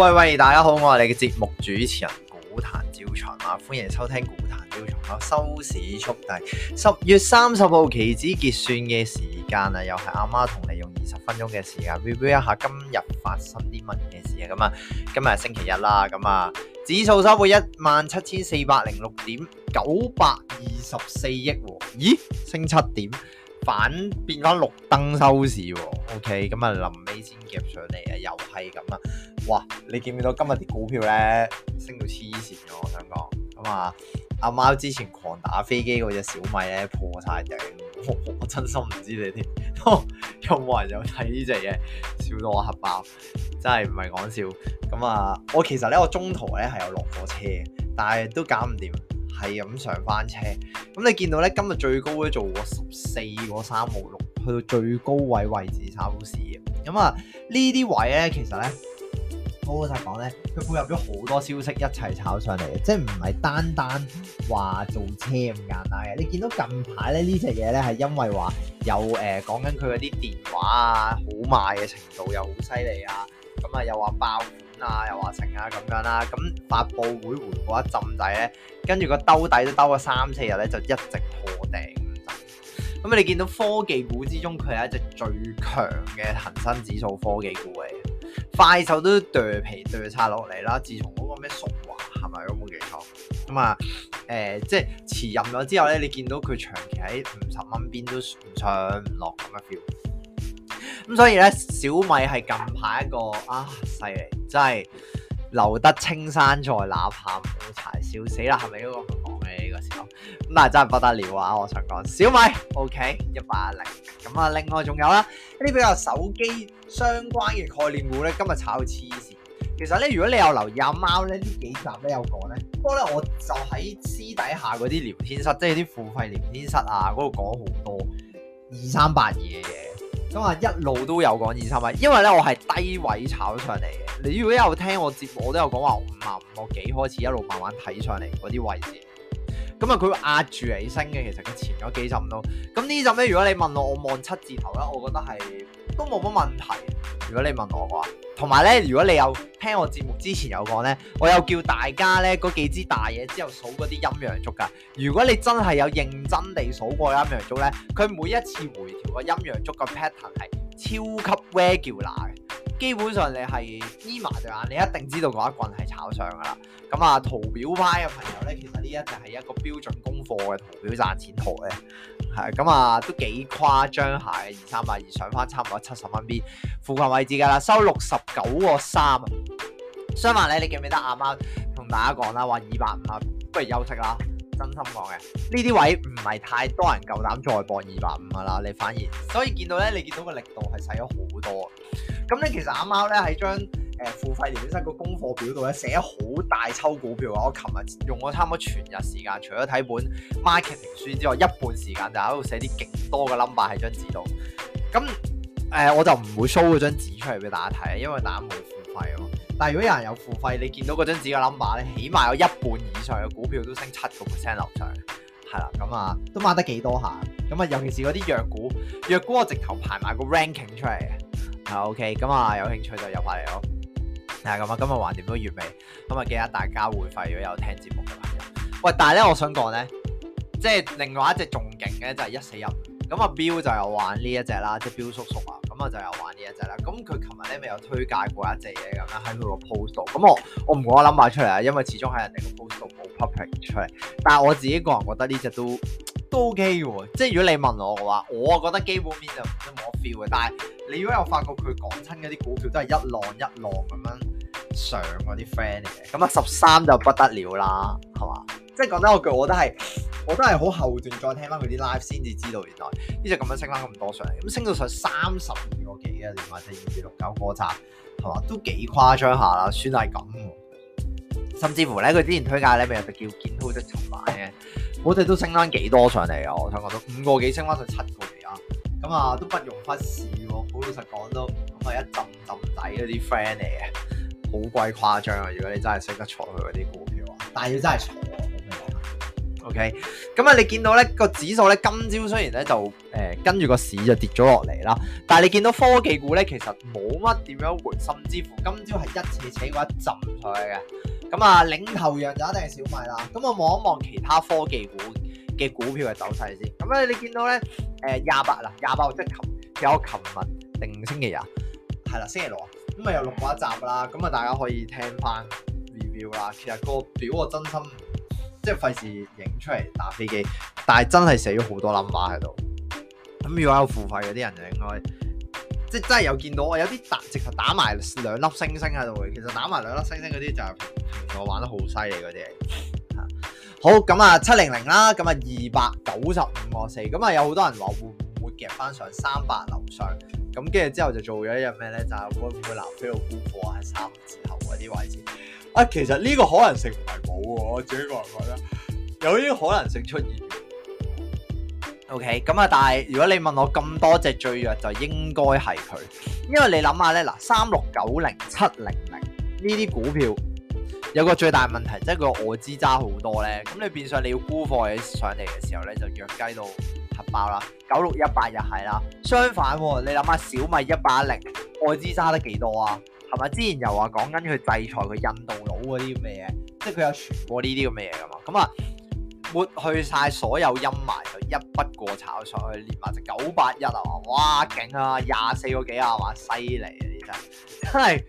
喂喂，大家好，我係你嘅節目主持人股壇招財貓啊！歡迎收聽股壇招財貓收市速遞，十月三十號期指結算嘅時間啊，又係阿媽同你用二十分鐘嘅時間 review 一下今日發生啲乜嘢事啊！咁啊，今日係星期日啦，咁啊，指數收匯一萬七千四百零六點九百二十四億喎，咦，升七點。板變翻綠燈收市喎，OK，咁啊臨尾先夾上嚟啊，又係咁啦，哇！你見唔見到今日啲股票咧升到黐線㗎？我想講咁啊，阿貓之前狂打飛機嗰隻小米咧破晒頂， 我真心唔知你添， 有冇人有睇呢隻嘢？笑到我黑爆，真係唔係講笑。咁啊，我其實咧，我中途咧係有落過車，但係都搞唔掂。係咁上翻車，咁你見到咧今日最高咧做過十四個三毫六，去到最高位置四位置收市嘅。咁啊，呢啲位咧其實咧，好老實講咧，佢配合咗好多消息一齊炒上嚟嘅，即係唔係單單話做車咁簡單嘅。你見到近排咧呢隻嘢咧係因為話有誒講緊佢嗰啲電話啊好賣嘅程度又好犀利啊，咁、嗯、啊又話爆。啊，又話剩啊咁樣啦，咁、啊、發佈會回嗰一浸仔咧，跟住個兜底都兜咗三四日咧，就一直破頂，咁你見到科技股之中，佢係一隻最強嘅恒生指數科技股嚟，快手都墮皮墮叉落嚟啦。自從嗰個咩宿華係咪咁冇記錯咁啊？誒、呃，即係辭任咗之後咧，你見到佢長期喺五十蚊邊都唔上唔落咁嘅 feel。咁所以咧，小米係近排一個啊，犀利。真係留得青山在，哪怕冇柴燒，死啦，係咪嗰個佢講嘅呢個時候？咁但係，真係不得了啊！我想講小米，OK，一百零。咁啊，另外仲有啦，一啲比較手機相關嘅概念股咧，今日炒到黐線。其實咧，如果你有留意阿貓咧呢幾集咧有講咧，不過咧我就喺私底下嗰啲聊天室，即係啲付費聊天室啊，嗰度講好多二三八二嘅嘢。咁啊，一路都有講二三米，因為咧我係低位炒上嚟嘅。你如果有聽我節目，我都有講話五萬五個幾開始一路慢慢睇上嚟嗰啲位置。咁啊，佢壓住嚟升嘅，其實佢前咗幾浸都。咁呢浸咧，如果你問我，我望七字頭咧，我覺得係都冇乜問題。如果你問我嘅話。同埋咧，如果你有聽我節目之前有講咧，我有叫大家咧嗰幾支大嘢之後數嗰啲陰陽燭噶。如果你真係有認真地數過陰陽燭咧，佢每一次回調個陰陽燭個 pattern 係超級 regular 嘅。基本上你係眯埋隻眼，你一定知道嗰一棍係炒上噶啦。咁啊，圖表派嘅朋友咧，其實呢一就係一個標準功課嘅圖表賺錢圖嘅。咁啊、嗯，都幾誇張下嘅，二三百二上返差唔多七十蚊邊附近位置噶啦，收六十九個三。相反咧，你記唔記得阿貓同大家講啦，話二百五啊，不如休息啦，真心講嘅，呢啲位唔係太多人夠膽再博二百五啊啦，你反而所以見到咧，你見到個力度係細咗好多。咁咧其實阿貓咧係將，誒付費年資生個功課表度咧寫咗好大抽股票啊！我琴日用咗差唔多全日時間，除咗睇本 marketing 書之外，一半時間就喺度寫啲勁多嘅 number 喺張紙度。咁誒我就唔會 show 嗰張紙出嚟俾大家睇，因為大家冇付費啊嘛。但係如果有人有付費，你見到嗰張紙嘅 number 咧，起碼有一半以上嘅股票都升七個 percent 樓上，係啦。咁啊都買得幾多下？咁啊尤其是嗰啲藥股，藥股我直頭排埋個 ranking 出嚟嘅。OK，咁啊有興趣就入埋嚟咯。咁啊、嗯！今日還掂都月尾，咁、嗯、啊記得大家會費咗有聽節目嘅朋友。喂，但係咧，我想講咧，即係另外一隻仲勁嘅就係一四一。咁啊，標就有玩呢一隻啦，即係標叔叔啊。咁啊，就有玩一隻呢一隻啦。咁佢琴日咧咪有推介過一隻嘢咁啊，喺佢個 post 度。咁我我唔講，我諗埋出嚟啊，因為始終喺人哋個 post 度冇 public 出嚟。但係我自己個人覺得呢隻都都 ok 即係如果你問我嘅話，我啊覺得基本面就唔知冇 feel 嘅。但係你如果有發覺佢講親嗰啲股票都係一浪一浪咁樣。上嗰啲 friend 嚟嘅，咁啊十三就不得了啦，係嘛？即係講得我句，我都係，我都係好後段再聽翻佢啲 live 先至知道原來呢隻咁樣升翻咁多上嚟，咁升到上三十二個幾啊，連埋第二二六九個站，係嘛，都幾誇張下啦，算係咁。甚至乎咧，佢之前推介咧，咪叫健康的籌碼嘅，好似都升翻幾多上嚟啊！我想過都五個幾升翻上七個嚟啊，咁啊都不容忽視喎。好老實講都，咁係一浸浸底嗰啲 friend 嚟嘅。好鬼誇張啊！如果你真係識得坐佢嗰啲股票啊，但係要真係坐啊，O K。咁啊、嗯，okay, 你見到咧個指數咧，今朝雖然咧就誒、呃、跟住個市就跌咗落嚟啦，但係你見到科技股咧其實冇乜點樣回，甚至乎今朝係一次扯過一浸上去嘅。咁啊，領頭羊就一定係小米啦。咁我望一望其他科技股嘅股票嘅走勢先。咁咧，你見到咧誒廿八啦，廿八號即係琴，有琴日定星期日，係啦，星期六啊。咁咪、嗯、有錄過一集啦，咁啊大家可以聽翻 review 啦。其實個表我真心即係費事影出嚟打飛機，但係真係死咗好多 number 喺度。咁如果有付費嗰啲人就應該即係真係有見到，我有啲直頭打埋兩粒星星喺度嘅。其實打埋兩粒星星嗰啲就我玩得好犀利嗰啲。嚇，好咁啊，七零零啦，咁啊二百九十五個四。咁啊有好多人話會唔會夾翻上三百樓上。咁跟住之後就做咗一日咩咧？就嗰、係、個南非個沽貨喺三字頭嗰啲位置啊，其實呢個可能性唔係冇喎，我自己個人覺得呢有呢個可能性出現。OK，咁啊，但係如果你問我咁多隻最弱就應該係佢，因為你諗下咧，嗱，三六九零七零零呢啲股票有個最大問題，即係個外資揸好多咧，咁你變相你要沽貨起上嚟嘅時候咧，就弱雞到爆啦，九六一八又係啦。相反，哦，你諗下小米一八零，外資揸得幾多啊？係咪之前又話講緊佢制裁佢印度佬嗰啲咁嘅嘢，即係佢有傳過呢啲咁嘅嘢噶嘛？咁啊，抹去晒所有陰霾，就一筆過炒上去，連埋隻九八一啊！哇，勁啊，廿四個幾啊，哇，犀利啊，呢真係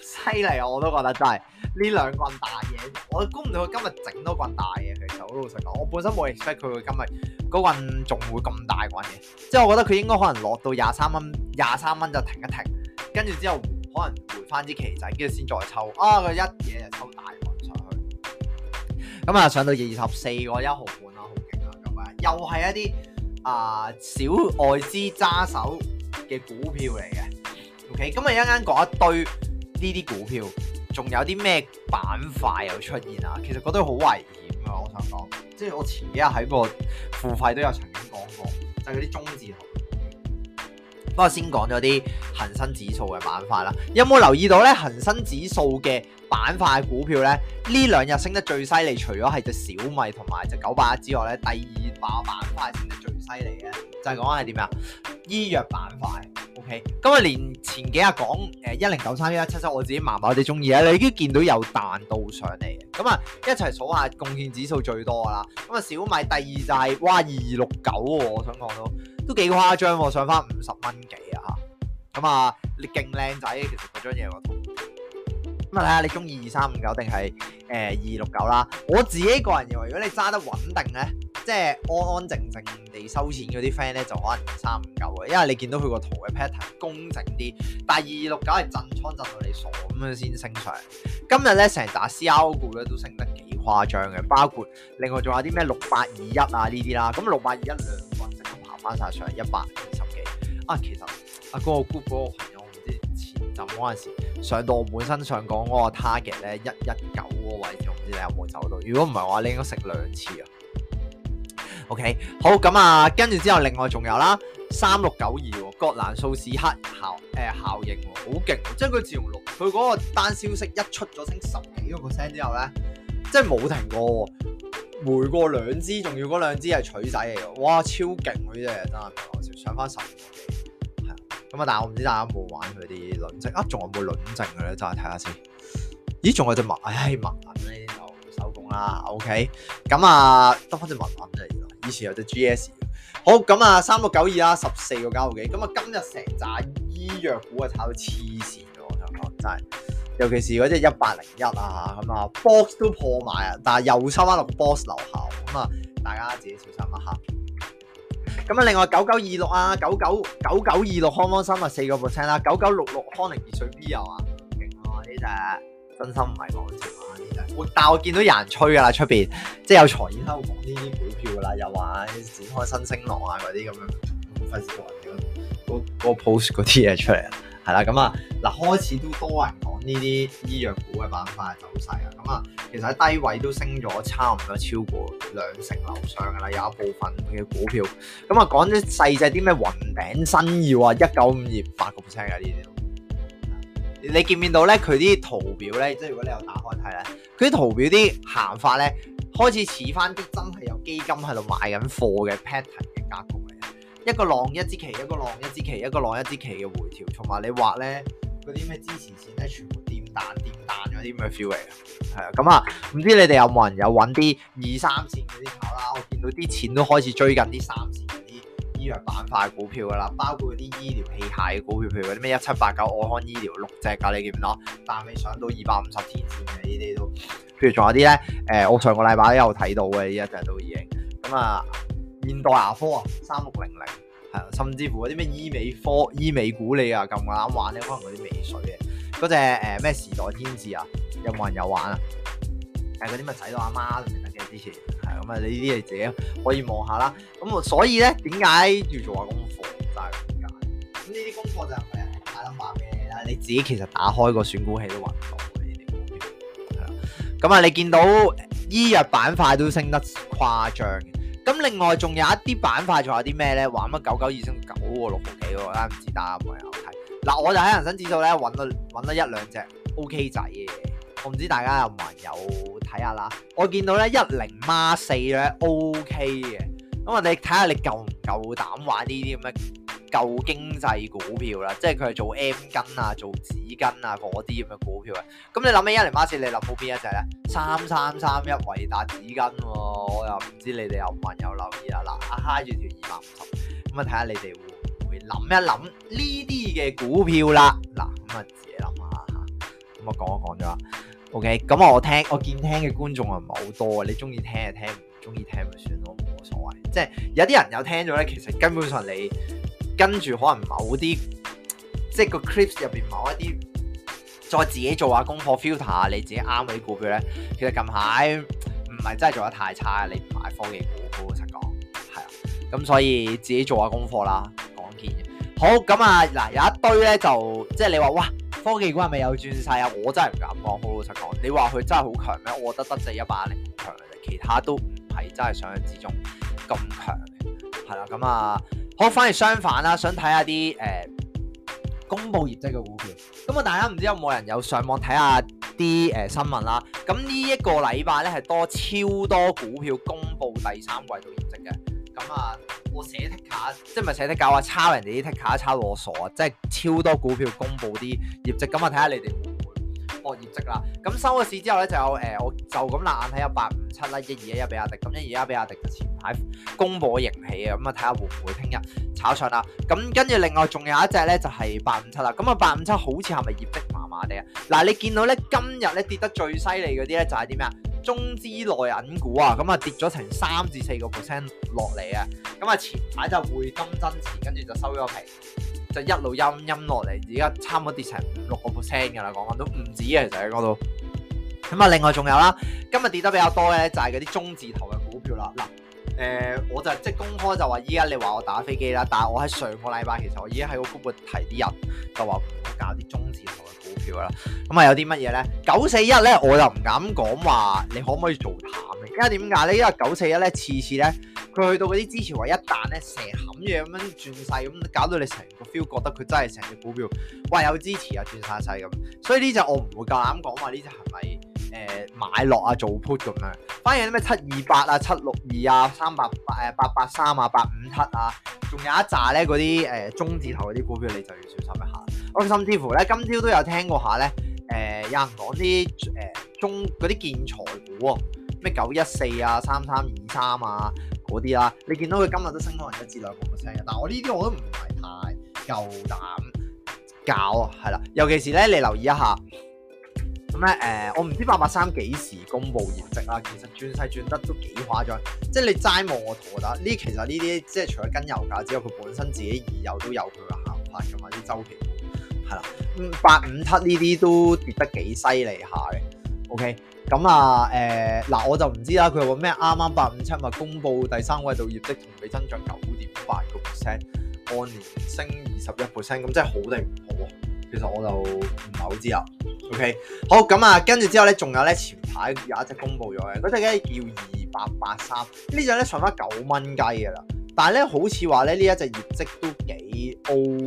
犀利啊！我都覺得真係呢兩棍大嘢，我估唔到佢今日整多棍大嘢。其實好老實講，我本身冇 expect 佢會佢今日。嗰運仲會咁大滾嘅，即係我覺得佢應該可能落到廿三蚊，廿三蚊就停一停，跟住之後可能回翻啲期仔，跟住先再抽。啊，佢一嘢就抽大滾上去。咁、嗯、啊，上到二十四個一毫半啦，好勁啊！咁、嗯、啊，又係一啲啊、呃、小外資揸手嘅股票嚟嘅。OK，咁、嗯、啊，一陣間講一堆呢啲股票，仲有啲咩板塊又出現啊？其實嗰堆好懷疑。我想講，即係我前幾日喺個付費都有曾經講過，就係嗰啲中字頭。不過先講咗啲恒生指數嘅板塊啦，有冇留意到咧？恒生指數嘅板塊股票咧，呢兩日升得最犀利，除咗係隻小米同埋隻九百一之外咧，第二把板塊升得最犀利嘅，就係講緊係點啊？醫藥板塊。咁啊、okay. 嗯，連前幾日講誒一零九三一一七七，呃、9, 3, 1, 7, 7, 我自己麻麻地中意啊，你已經見到有彈到上嚟嘅。咁、嗯、啊、嗯，一齊數下貢獻指數最多噶啦。咁、嗯、啊，小米第二就係、是、哇二六九喎，我想講都都幾誇張喎、哦，上翻五十蚊幾啊嚇。咁、嗯、啊，你勁靚仔，其實嗰張嘢我。咁啊，睇下、嗯、你中意二三五九定係誒二六九啦？呃、2, 6, 我自己個人認為，如果你揸得穩定咧，即係安安靜靜地收錢嗰啲 friend 咧，就可能二三五九啊，因為你見到佢個圖嘅 pattern 工整啲。但係二六九係震倉震到你傻咁樣先升上。今日咧成打 CRO 股咧都升得幾誇張嘅，包括另外仲有啲咩六八二一啊呢啲啦。咁六八二一兩個人成功行翻晒上一百二十幾啊。其實阿哥我姑父嗰個朋友我唔知前陣嗰陣時。上到我本身想講嗰個 target 咧一一九嗰個位，用唔知你有冇走到？如果唔係話，你應該食兩次啊。OK，好咁啊，跟住之後，另外仲有啦，三六九二葛蘭素史克效誒、欸、效應好勁，即係佢自用六，佢嗰個單消息一出咗升十幾個 percent 之後咧，即係冇停過，回過兩支，仲要嗰兩支係取仔嚟嘅，哇，超勁嗰啲嘢，真係講笑，上翻十。咁啊，但係我唔知大家有冇玩佢啲輪證啊？仲有冇輪證嘅咧？再睇下先。咦？仲有隻文唉文品咧就收工啦。OK，咁啊得翻隻文品啫。而家以前有隻 GS。好，咁啊，三六九二啦，十四個膠嘅。咁啊，今日成紮醫藥股啊炒到黐線咗，我想講真係。尤其是嗰隻一百零一啊，咁啊 box 都破埋啊，但係又收翻落 box 樓下。咁啊，大家自己小心一、啊、下。咁啊，另外九九二六啊，九九九九二六康方三啊，四個 percent 啦，九九六六康寧傑瑞。B 又啊，勁喎呢隻，真心唔係講笑啊呢隻，但我見到有人吹噶啦，出邊即係有財經喺度講呢啲股票噶啦，又話展開新星浪啊嗰啲咁樣，唔費事個 post 嗰啲嘢出嚟。係啦，咁啊，嗱，開始都多人講呢啲醫藥股嘅板塊走勢啊，咁、嗯、啊，其實喺低位都升咗差唔多超過兩成樓上噶啦，有一部分嘅股票，咁、嗯、啊，講啲細隻啲咩雲頂新耀啊，一九五二八個 percent 啊呢啲、嗯，你見唔見到咧？佢啲圖表咧，即係如果你有打開睇咧，佢啲圖表啲行法咧，開始似翻啲真係有基金喺度買緊貨嘅 pattern 嘅格局。一個浪一支旗，一個浪一支旗，一個浪一支旗嘅回調，同埋你畫咧嗰啲咩支持線咧，全部點彈點彈咗啲咩 feel 嚟？係啊，咁、嗯、啊，唔知你哋有冇人有揾啲二三線嗰啲股啦？我見到啲錢都開始追緊啲三線嗰啲醫藥板塊股票噶啦，包括啲醫療器械股票，譬如嗰啲咩一七八九愛康醫療六隻噶、啊，你見唔到？但你上到二百五十天線嘅呢啲都，譬如仲有啲咧，誒、呃，我上個禮拜都有睇到嘅，呢一隻都已經咁啊。嗯嗯現代牙科啊，三六零零，係啊，甚至乎嗰啲咩醫美科、醫美股你啊咁啱玩咧，可能嗰啲尾水嘅嗰隻誒咩時代天使啊，有冇人有玩 啊？但係嗰啲咪使到阿媽嚟嘅支持，係咁啊！你呢啲係自己可以望下啦。咁所以咧，點解要做下功課？就係咁解？咁呢啲功課就係冇諗辦嘅啦。你自己其實打開個選股器都揾唔到嘅，呢啲咁啊！你見到醫藥板塊都升得誇張。咁另外仲有一啲板塊仲有啲咩咧？玩乜九九二升九個六毫幾喎？啱唔啱？子打唔係嗱，我就喺恒生指數咧揾咗揾咗一兩隻 OK 仔嘅，我唔知大家有唔有睇下啦。我見到咧一零孖四咧 OK 嘅，咁我哋睇下你夠唔夠膽玩呢啲咁嘅。舊經濟股,、啊啊股,啊、股票啦，即係佢係做 M 巾啊，做紙巾啊嗰啲咁嘅股票嘅。咁你諗起一零八四，你諗好邊一隻咧？三三三一維達紙巾喎，我又唔知你哋有唔有留意啊嗱，啊嗨住條二百五十，咁啊睇下你哋會唔會諗一諗呢啲嘅股票啦嗱，咁啊自己諗下吓，咁我講一講咗啦。OK，咁我聽我見聽嘅觀眾啊唔係好多啊，你中意聽就聽，唔中意聽咪算咯，冇所謂。即係有啲人有聽咗咧，其實根本上你。跟住可能某啲，即係個 clips 入邊某一啲，再自己做下功課 filter，你自己啱嗰啲股票咧，其實近排唔係真係做得太差，你唔買科技股，好老實講，係啊。咁所以自己做下功課啦，講堅嘅。好咁啊，嗱有一堆咧就，即係你話哇，科技股係咪有轉勢啊？我真係唔敢講，好老實講，你話佢真係好強咩？我覺得得就一百零強，其他都唔係真係想像之中咁強嘅，係啦，咁啊。好，反而相反啦，想睇下啲誒公佈業績嘅股票。咁啊，大家唔知有冇人有上網睇下啲誒新聞啦？咁呢一個禮拜咧係多超多股票公佈第三季度業績嘅。咁啊，我寫 tick 卡，即係咪寫 tick 卡啊？抄人哋啲 tick 卡，抄我傻啊！即係超多股票公佈啲業績。咁啊，睇下你哋。哦、業績啦，咁、嗯、收咗市之後咧，就有誒、呃，我就咁爛眼睇下八五七啦，一二一一，比亞迪，咁一二一，比亞迪就前排公布嘅盈喜啊，咁啊睇下會唔會聽日炒上啦？咁跟住另外仲有一隻咧就係八五七啦，咁啊八五七好似係咪業績麻麻地啊？嗱，你見到咧今日咧跌得最犀利嗰啲咧就係啲咩啊？中資內銀股啊，咁、嗯、啊跌咗成三至四個 percent 落嚟啊，咁啊、嗯、前排就匯金增持，跟住就收咗皮。就一路陰陰落嚟，而家差唔多跌成五、六個 percent 㗎喇，講返都唔止啊，其實喺嗰度。咁啊，另外仲有啦，今日跌得比較多咧，就係嗰啲中字頭嘅股票啦。嗱，誒、呃，我就即係公開就話，依家你話我打飛機啦，但係我喺上個禮拜其實我已經喺個公佈提啲人就話唔好搞啲中字頭嘅股票啦。咁啊，有啲乜嘢咧？九四一咧，我就唔敢講話你可唔可以做淡，因為點解？你因為九四一咧，次次咧。佢去到嗰啲支持位，一彈咧，成冚嘢咁樣轉曬，咁搞到你成個 feel 覺得佢真係成隻股票哇有支持啊，轉晒曬咁。所以呢隻我唔會夠膽講話呢隻係咪誒買落啊做 put 咁樣。反而啲咩七二八啊、七六二啊、三百八誒八八三啊、八五七啊，仲有一紮咧嗰啲誒中字頭嗰啲股票，你就要小心一下。我甚至乎咧，今朝都有聽過下咧誒、呃、有人講啲誒中嗰啲建材股啊，咩九一四啊、三三二三啊。嗰啲啦，你見到佢今日都升到人一至兩個 percent 嘅，但係我呢啲我都唔係太夠膽搞啊，係啦，尤其是咧，你留意一下咁咧，誒、呃，我唔知八八三幾時公布業績啊，其實轉勢轉得都幾誇張，即係你齋望我圖得，呢啲其實呢啲即係除咗跟油價之外，佢本身自己而有都有佢嘅行法㗎嘛，啲周期股係啦，嗯、八五七呢啲都跌得幾犀利下嘅，OK。咁啊，誒、呃、嗱，我就唔知啦。佢話咩？啱啱八五七物公佈第三季度業績同比增長九點八個 percent，按年升二十一 percent。咁真係好定唔好啊？其實我就唔係好知啊。OK，好咁啊，跟住之後咧，仲有咧前排有一隻公佈咗嘅，嗰隻咧叫二八八三，呢隻咧上翻九蚊雞嘅啦。但係咧，好似話咧呢一隻業績都幾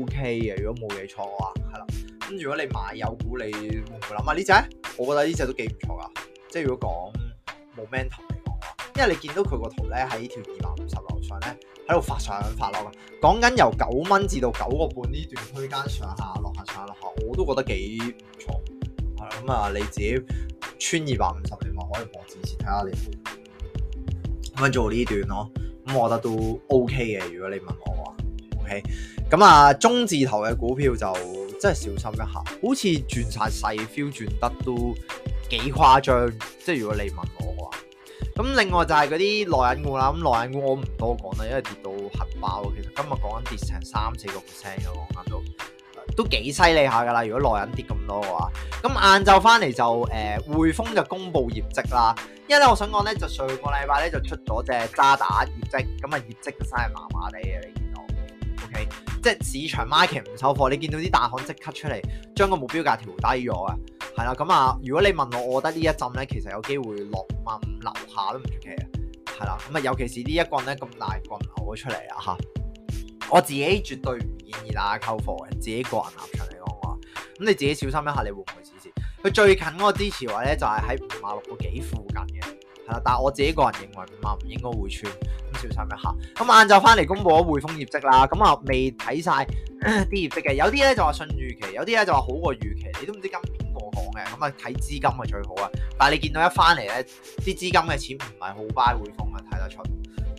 OK 嘅，如果冇嘢錯嘅話，係啦。咁如果你買有股，你會唔會諗下呢隻？我覺得呢隻都幾唔錯啊。即係如果講 momentum 嚟講因為你見到佢個圖咧喺條二百五十樓上咧喺度發上發落，講緊由九蚊至到九個半呢段區間上下落下上下落下,下,下,下,下，我都覺得幾唔錯。係啦，咁、嗯、啊你自己穿二百五十，你咪可以望住前睇下你咁點做呢段咯。咁、嗯、我覺得都 OK 嘅。如果你問我話，OK、嗯。咁啊中字頭嘅股票就真係小心一下，好似轉晒細 feel 轉得都。幾誇張，即係如果你問我嘅話，咁另外就係嗰啲內銀股啦，咁內銀股我唔多講啦，因為跌到核爆，其實今日講緊跌成三四個 percent 嘅，我眼都都幾犀利下噶啦，如果內銀跌咁多嘅話，咁晏晝翻嚟就誒、呃、匯豐就公布業績啦，因為咧我想講咧就上個禮拜咧就出咗隻渣打業績，咁啊業績就真係麻麻地嘅，你見到，OK，即係市場 market 唔收貨，你見到啲大行即刻出嚟將個目標價調低咗啊！係啦，咁啊、嗯，如果你問我，我覺得一呢一陣咧，其實有機會落萬五樓下都唔出奇啊。係啦，咁啊，尤其是一呢一棍咧咁大棍流咗出嚟啊嚇，我自己絕對唔建議大家溝貨嘅，自己個人立場嚟講話。咁、嗯、你自己小心一下你會會，你會唔會止蝕？佢最近嗰個支持位咧就係、是、喺五萬六個幾附近嘅，係、嗯、啦。但係我自己個人認為五萬唔應該會穿，咁小心一下。咁晏晝翻嚟公佈咗匯豐業績啦，咁啊未睇晒啲業績嘅，有啲咧就話遜預期，有啲咧就話好過預期，你都唔知今年。嘅咁啊，睇資金啊最好啊，但係你見到一翻嚟咧，啲資金嘅錢唔係好快 u y 匯豐啊，睇得出。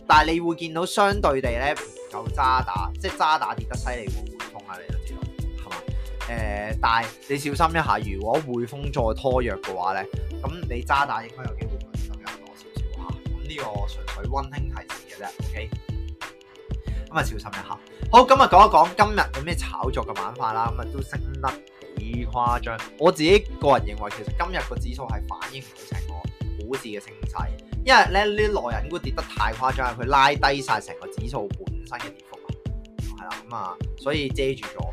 但係你會見到相對地咧，唔夠渣打，即係渣打跌得犀利，匯匯豐啊，你都知道係嘛？誒、呃，但係你小心一下，如果匯豐再拖弱嘅話咧，咁你渣打應該有機會匯豐入多少少吓。咁呢個純粹溫馨提示嘅啫，OK？咁啊，小心一下。好，咁啊，講一講今日有咩炒作嘅玩法啦，咁啊，都升得。幾誇張，我自己個人認為其實今日個指數係反映唔到成個股市嘅升勢，因為咧呢內銀股跌得太誇張，係佢拉低晒成個指數本身嘅跌幅，係啦咁啊，所以遮住咗。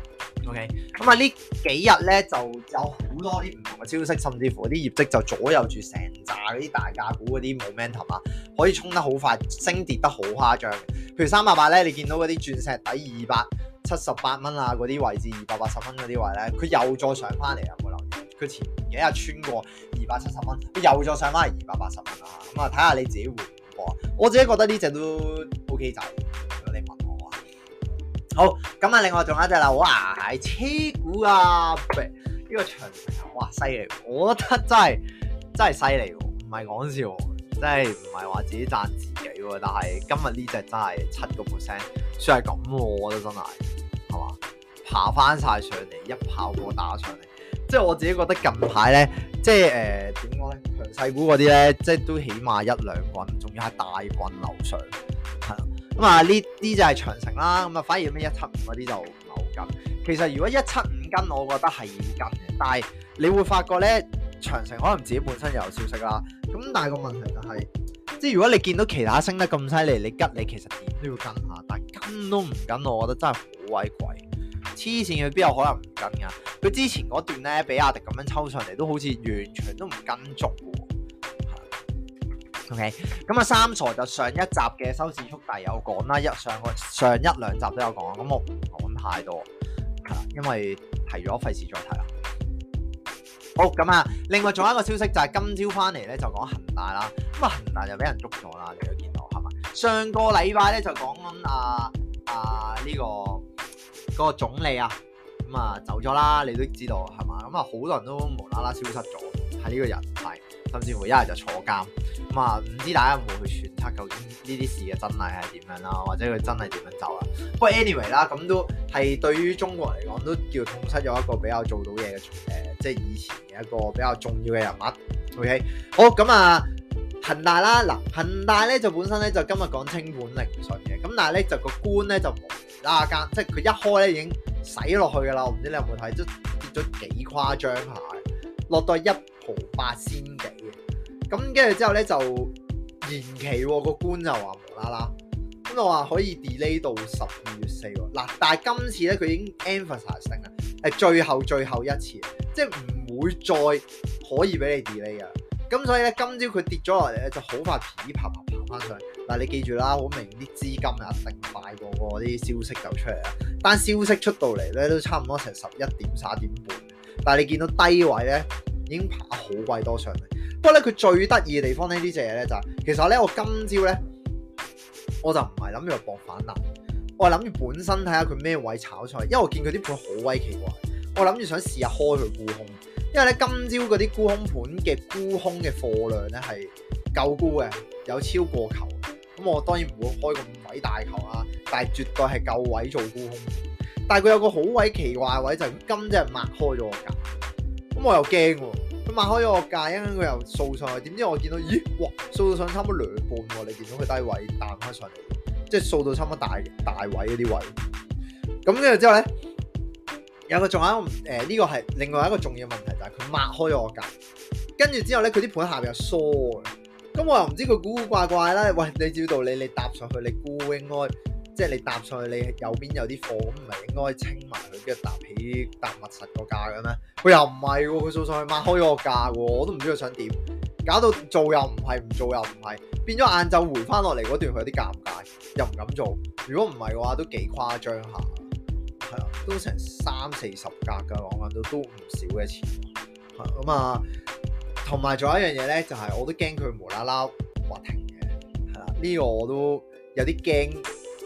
OK，咁啊呢幾日咧就有好多啲唔同嘅消息，甚至乎啲業績就左右住成扎嗰啲大價股嗰啲 momentum 啊，可以衝得好快，升跌得好誇張。譬如三百八咧，你見到嗰啲鑽石底二百。七十八蚊啊，嗰啲位置二百八十蚊嗰啲位咧，佢又再上翻嚟！啊！冇留意，佢前幾日穿過二百七十蚊，佢又再上翻嚟二百八十蚊啦。咁啊，睇下你自己回唔回啊！我自己覺得呢隻都 OK 仔，如果你問我，我啊。好咁啊，另外仲有一隻啦，哇，係車股啊，喂，呢個長頭哇，犀利！我覺得真係真係犀利，唔係講笑，真係唔係話自己贊自己，但係今日呢隻真係七個 percent。算係咁喎，我覺得真係，係嘛？爬翻晒上嚟，一炮過打上嚟，即係我自己覺得近排咧，即係誒點講咧，強勢股嗰啲咧，即係都起碼一兩棍，仲要係大棍樓上，係咁啊，呢啲就係長城啦，咁啊反而咩一七五嗰啲就唔係好跟。其實如果一七五跟，我覺得係要跟嘅，但係你會發覺咧，長城可能自己本身又有消息啦。咁但係個問題就係。即係如果你見到其他升得咁犀利，你吉你其實點都要跟下，但係跟都唔跟，我覺得真係好鬼貴，黐線佢邊有可能唔跟噶？佢之前嗰段咧，比亞迪咁樣抽上嚟，都好似完全都唔跟足嘅。O K，咁啊三傻就上一集嘅收市速遞有講啦，一上個上一兩集都有講，咁我唔講太多，因為提咗，費事再提啦。好咁啊，另外仲有一個消息就係今朝翻嚟咧，就講恒大啦。咁啊，恒大就俾人捉咗啦，你都見到係嘛？上個禮拜咧就講啊啊呢個嗰個總理啊，咁啊走咗啦，你都知道係嘛？咁啊好多人都無啦啦消失咗喺呢個人脈，甚至乎一日就坐監。咁啊，唔知大家有冇去揣測究竟呢啲事嘅真諦係點樣啦、啊，或者佢真係點樣走啦、啊？不過 anyway 啦，咁都係對於中國嚟講都叫痛失咗一個比較做到嘢嘅誒，即、就、係、是、以前嘅一個比較重要嘅人物。OK，好咁啊，恒、嗯、大啦，嗱恒大咧就本身咧就今日講清盤聆訊嘅，咁但係咧就個官咧就冇啦、啊。間，即係佢一開咧已經洗落去噶啦，我唔知你有冇睇，都跌咗幾誇張下，落到一毫八仙。幾。咁跟住之後咧，就延期喎、個官就話無啦啦咁，我話可以 delay 到十二月四喎。嗱，但係今次咧佢已經 emphasizing 啊，係最後最後一次，即係唔會再可以俾你 delay 啦。咁所以咧，今朝佢跌咗落嚟咧，就好快噼啪啪爬翻上去。但嗱，你記住啦，好明顯啲資金一定快過喎啲消息就出嚟啦，但消息出到嚟咧都差唔多成十一點十一點半，但係你見到低位咧已經爬好鬼多上嚟。不過咧，佢最得意嘅地方呢，呢隻嘢咧就係，其實咧我今朝咧，我就唔係諗住博反彈，我係諗住本身睇下佢咩位炒菜，因為我見佢啲盤好鬼奇怪，我諗住想試下開佢沽空，因為咧今朝嗰啲沽空盤嘅沽空嘅貨量咧係夠高嘅，有超過球，咁我當然唔會開個五位大球啊，但係絕對係夠位做沽空，但係佢有個好鬼奇怪位就今朝係擘開咗個價，咁我又驚喎。佢擘開咗個價，跟住佢又掃上去，點知我見到，咦？哇！掃到上差唔多兩半喎，你見到佢低位彈開上嚟，即係掃到差唔多大大位嗰啲位。咁跟住之後咧，有個仲有個，誒、呃、呢、這個係另外一個重要問題，就係佢擘開咗個價，跟住之後咧佢啲盤下邊又疏，咁我又唔知佢古古怪怪啦。喂，你照道理，你搭上去，你估應該。即係你搭上去，你右邊有啲貨，咁唔係應該清埋佢跟住搭起搭密實個價嘅咩？佢又唔係喎，佢掃上去抹開個價，我都唔知佢想點，搞到做又唔係，唔做又唔係，變咗晏晝回翻落嚟嗰段，佢有啲尷尬，又唔敢做。如果唔係嘅話，都幾誇張下。係啊，都成三四十格噶，我諗到都唔少嘅錢。係咁啊，同埋仲有一樣嘢咧，就係我都驚佢無啦啦滑停嘅。係啦，呢個我都有啲驚。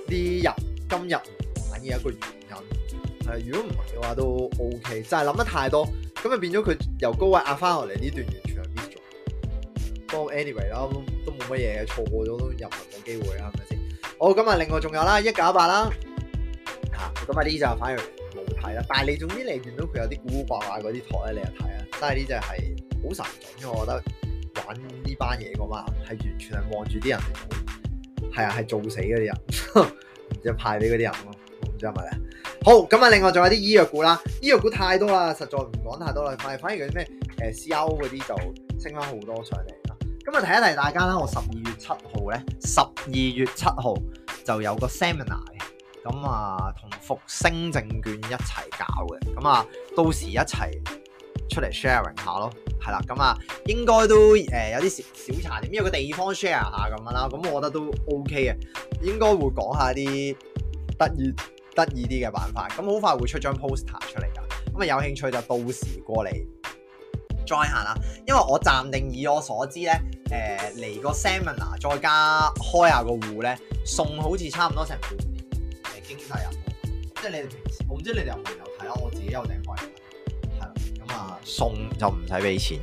啲入今日唔玩嘅一個原因係，如果唔係嘅話都 OK，就係諗得太多，咁就變咗佢由高位壓翻落嚟呢段完全係 miss 咗。不過 anyway 啦，都冇乜嘢，錯過咗都入唔到機會啦，係咪先？我、哦、今日另外仲有啦，一九八啦，吓、啊，咁啊呢就反而冇睇啦。但係你總之你見到佢有啲古古怪怪嗰啲託咧，你又睇啊，真係呢隻係好神準嘅，因為我覺得玩呢班嘢嘅嘛係完全係望住啲人嚟。係啊，係做死嗰啲人， 就派俾嗰啲人咯，唔知係咪咧？好，咁啊，另外仲有啲醫藥股啦，醫藥股太多啦，實在唔講太多啦，係反而嗰啲咩誒 C O 嗰啲就升翻好多上嚟啦。咁啊，提一提大家啦，我十二月七號咧，十二月七號就有個 seminar，咁啊同復星證券一齊搞嘅，咁啊到時一齊。出嚟 sharing 下咯，係啦，咁啊，應該都誒、呃、有啲小小茶點，有個地方 share 下咁樣啦，咁、嗯、我覺得都 OK 嘅，應該會講一下啲得意得意啲嘅辦法，咁、嗯、好快會出張 poster 出嚟噶，咁、嗯、啊有興趣就到時過嚟 join 下啦，因為我暫定以我所知咧，誒、呃、嚟個 seminar 再加開下個戶咧，送好似差唔多成半年誒、欸、經濟人，即係你哋平時，我唔知你哋有冇有睇啊，我自己有訂開。送就唔使俾錢，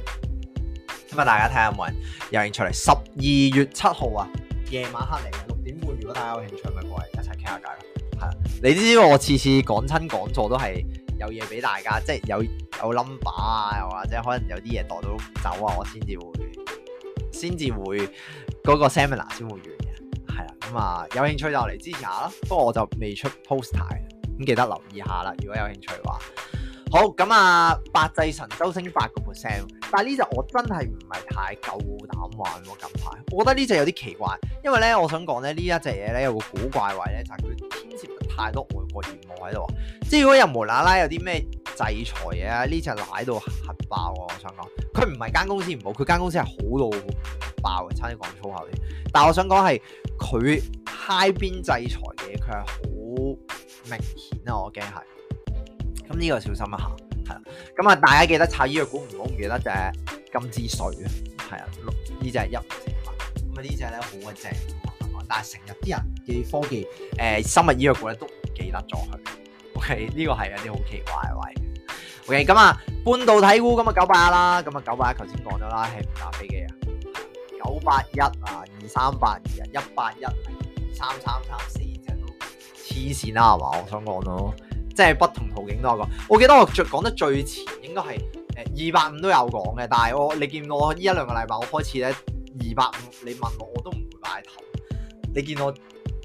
咁啊，大家睇下有冇人有興趣嚟？十二月七號啊，夜晚黑嚟啊，六點半。如果大家有興趣，咪過嚟一齊傾下偈咯。係啊，你知我次次講親講座都係有嘢俾大家，即係有有 number 啊，或者可能有啲嘢袋到走啊，我先至會先至會嗰個 seminar 先會完嘅。係啦，咁啊，有興趣就嚟支持下啦。不過我就未出 poster，咁記得留意下啦。如果有興趣嘅話。好，咁啊，百濟神周星發個 percent，但呢隻我真係唔係太夠膽玩喎。近排，我覺得呢隻有啲奇怪，因為咧，我想講咧，呢一隻嘢咧有個古怪位咧，就係佢牽涉太多外國業務喺度。即係如果有無啦啦有啲咩制裁嘢啊，呢隻奶到核爆喎！我想講，佢唔係間公司唔好，佢間公司係好到爆嘅，差啲講粗口添。但我想講係佢挨邊制裁嘅，佢係好明顯啊！我驚係。咁呢個小心一下，係啦。咁啊，大家記得炒醫藥股唔好唔記得隻金枝水，啊，係啊，呢隻一五四八。咁啊，呢隻咧好鬼正好，但係成日啲人嘅科技、誒、呃、生物醫藥股咧都唔記得咗佢。OK，呢個係有啲好奇怪嘅位。OK，咁啊，半導體股咁啊九八一啦，咁啊九八一頭先講咗啦，係唔打飛機啊？九八一啊，二三八二一八一三三三四隻黐線啦係嘛，我想講咯。即係不同途徑都有講，我記得我最講得最前應該係誒二百五都有講嘅，但係我你見我呢一兩個禮拜我開始咧二百五，5, 你問我我都唔會擺頭。你見我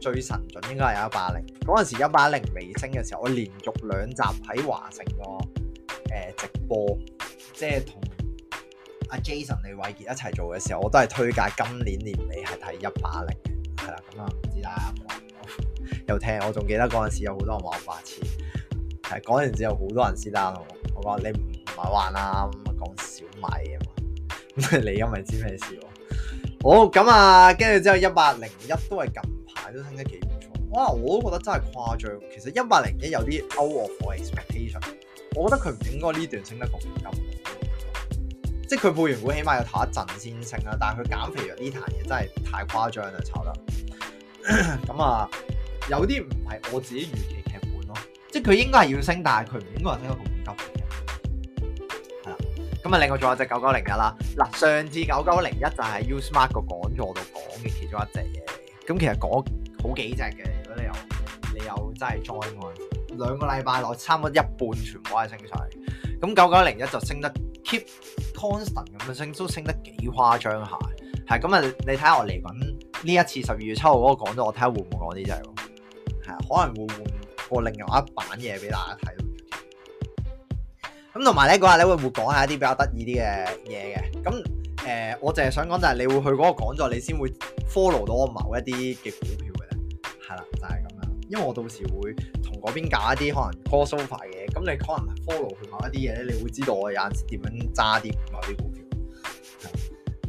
最神準應該係有一百零嗰陣時，一百零微升嘅時候，我連續兩集喺華盛個誒直播，即係同阿 Jason、李偉傑一齊做嘅時候，我都係推介今年年尾係睇一百零，係啦，咁啊唔知大家有聽？我仲記得嗰陣時有好多人話我講完之後好多人先單，我我講你唔係玩啊，講小米嘛 啊，咁你咁咪知咩事？好，咁啊，跟住之後一百零一都係近排都升得幾唔錯，哇！我都覺得真係誇張。其實一百零一有啲 out of expectation，我覺得佢唔應該呢段升得咁咁。即係佢報完股起碼要唞一陣先升啊，但係佢減肥藥呢壇嘢真係太誇張啦，炒得咁啊，有啲唔係我自己預期。即係佢應該係要升，但係佢唔應該係升一個咁急嘅，係啦。咁啊，另外仲有隻九九零一啦。嗱，上次九九零一就係 u s m a r k 個講座度講嘅其中一隻嘢。咁其實講好幾隻嘅。如果你有你有真係 join，兩個禮拜內差唔多一半全部都係升曬。咁九九零一就升得 keep constant 咁樣升，都升得幾誇張下。係咁啊，你睇下我嚟緊呢一次十二月七號嗰個講座，我睇下會唔會講呢隻喎。係可能會會唔會。個另外一版嘢俾大家睇，咁同埋咧，嗰日咧，會唔會講下一啲比較得意啲嘅嘢嘅。咁誒、呃、我淨係想講就係你會去嗰個講座，你先會 follow 到我某一啲嘅股票嘅。係啦就係咁啦，因為我到時會同嗰邊搞一啲可能 call so far 嘅，咁你可能 follow 佢某一啲嘢咧，你會知道我又點樣揸啲某啲股票。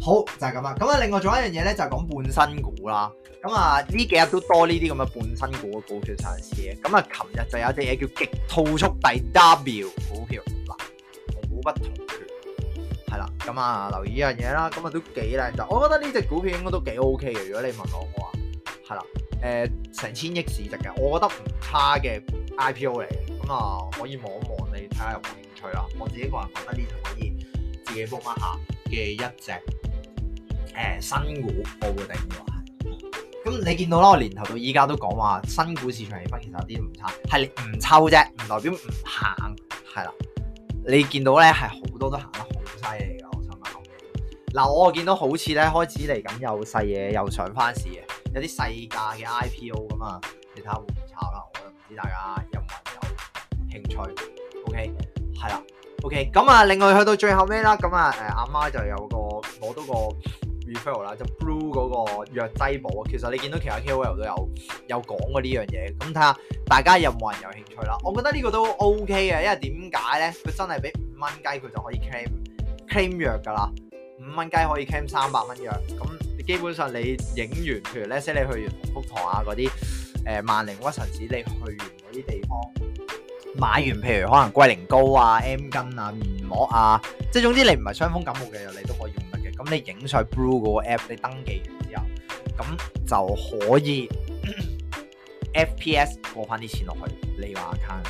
好，就係咁啊！咁啊，另外仲有一樣嘢咧，就係、是、講半新股啦。咁、嗯、啊，呢幾日都多呢啲咁嘅半新股嘅股票上市嘅。咁、嗯、啊，琴日就有一隻嘢叫極兔速遞 W 股票，嗱、嗯，同股不同權，係、嗯、啦。咁、嗯、啊、嗯嗯，留意依樣嘢啦。咁啊，都幾靚，就我覺得呢隻股票應該都幾 O K 嘅。如果你問我，我話係啦，誒、嗯、成、嗯、千億市值嘅，我覺得唔差嘅 I P O 嚟嘅。咁、嗯、啊，可以望一望你睇下有冇興趣啦。我自己個人覺得呢頭可以自己 look 一下嘅一隻。誒新股，我會定咁你見到啦，我年頭到依家都講話新股市場氣氛其實有啲唔差，係唔抽啫，唔代表唔行，係啦。你見到咧係好多都行得好犀利噶，我想問下。嗱，我見到好似咧開始嚟緊又細嘢又上翻市嘅，有啲細價嘅 IPO 噶嘛。其他下會唔炒啦？我都唔知大家有唔有，有興趣。O K，係啦。O K，咁啊，另外去到最後尾啦，咁啊誒，阿媽，媽就有個攞多個。referral 啦，就 blue 嗰個藥劑保啊，其實你見到其他 KOL 都有有講過呢樣嘢，咁睇下大家有冇人有興趣啦。我覺得呢個都 OK 嘅，因為點解咧？佢真係俾五蚊雞，佢就可以 claim claim 藥噶啦。五蚊雞可以 claim 三百蚊藥，咁你基本上你影完，譬如 Leslie 去完紅福堂啊嗰啲，誒、呃、萬寧屈臣氏你去完嗰啲地方，買完譬如可能龜苓膏啊、M 巾啊、面膜啊，即係總之你唔係傷風感冒嘅藥，你都可以用。咁你影上去 Blue 嗰個 app，你登記完之後，咁就可以、嗯、 FPS 過翻啲錢落去你、這個 account。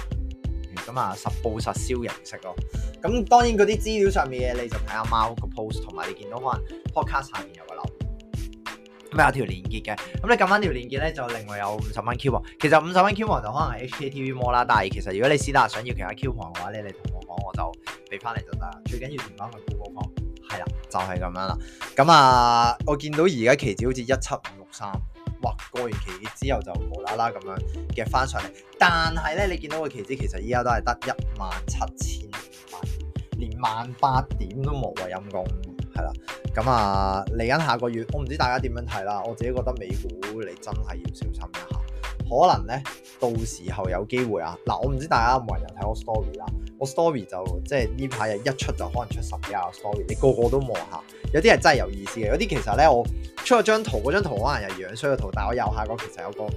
咁、嗯、啊，實報實銷形式咯。咁、嗯、當然嗰啲資料上面嘅，你就睇下貓個 post，同埋你見到可能 podcast 下邊有個樓，咁有條連結嘅。咁你撳翻條連結咧，就另外有五十蚊 coupon。其實五十蚊 coupon 就可能係 HKTV mall 啦，但係其實如果你私下想要其他 coupon 嘅話咧，你同我講，我就俾翻你就得啦。最緊要填翻個 Google Form。係啦，就係、是、咁樣啦。咁、嗯、啊，我見到而家期指好似一七五六三，哇！過完期之後就無啦啦咁樣嘅翻上嚟，但係咧，你見到個期指其實依家都係得一萬七千五百，連萬八點都冇啊！陰公，係、嗯、啦。咁、嗯、啊，嚟緊下，下個月，我唔知大家點樣睇啦。我自己覺得美股你真係要小心一下，可能咧到時候有機會啊。嗱、嗯，我唔知大家有冇人睇我 story 啦。我 story 就即係呢排一出就可能出十廿 story，你個個都望下。有啲係真係有意思嘅，有啲其實咧我出咗張圖，嗰張圖可能又係樣衰嘅圖，但係我右下角其實有個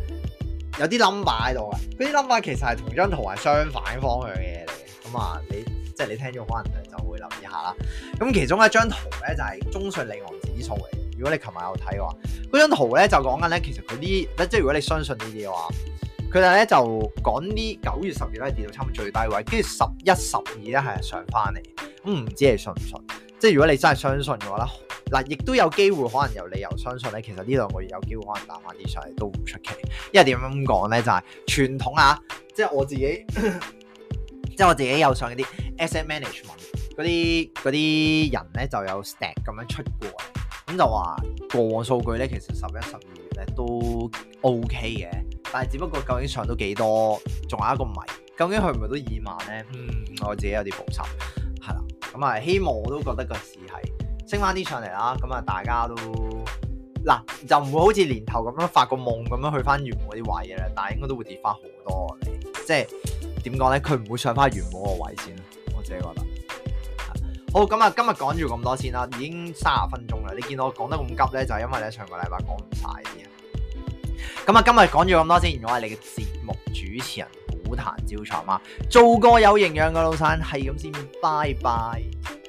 有啲 number 喺度嘅。嗰啲 number 其實係同張圖係相反方向嘅嘢嚟嘅。咁、嗯、啊，你即係你聽咗可能就會諗一下啦。咁其中一張圖咧就係、是、中信利昂指數嚟嘅。如果你琴日有睇嘅話，嗰張圖咧就講緊咧其實佢啲即係如果你相信呢啲嘅話。佢哋咧就講呢九月、十月咧跌到差唔多最低位，跟住十一、十二咧係上翻嚟。咁唔知你信唔信？即係如果你真係相信嘅話咧，嗱，亦都有機會可能有理由相信咧。其實呢兩個月有機會可能打翻啲上嚟都唔出奇。因為點樣講咧，就係、是、傳統啊，即係我自己， 即係我自己有上嗰啲 asset management 嗰啲嗰啲人咧就有 stack 咁樣出過，咁就話過往數據咧其實十一、十二月咧都 OK 嘅。但係只不過，究竟上到幾多，仲有一個謎，究竟佢唔係都二萬咧？嗯，我自己有啲補充，係啦，咁啊，希望我都覺得個市係升翻啲上嚟啦。咁啊，大家都嗱、啊、就唔會好似年頭咁樣發個夢咁樣去翻原本啲位嘅，但係應該都會跌翻好多。即係點講咧，佢唔會上翻原本個位先。我自己覺得，好咁啊，今日講住咁多先啦，已經三十分鐘啦。你見到我講得咁急咧，就係、是、因為你上個禮拜講唔晒咁啊，今日講咗咁多先，我係你嘅節目主持人股壇招財貓，做個有營養嘅老散係咁先，拜拜。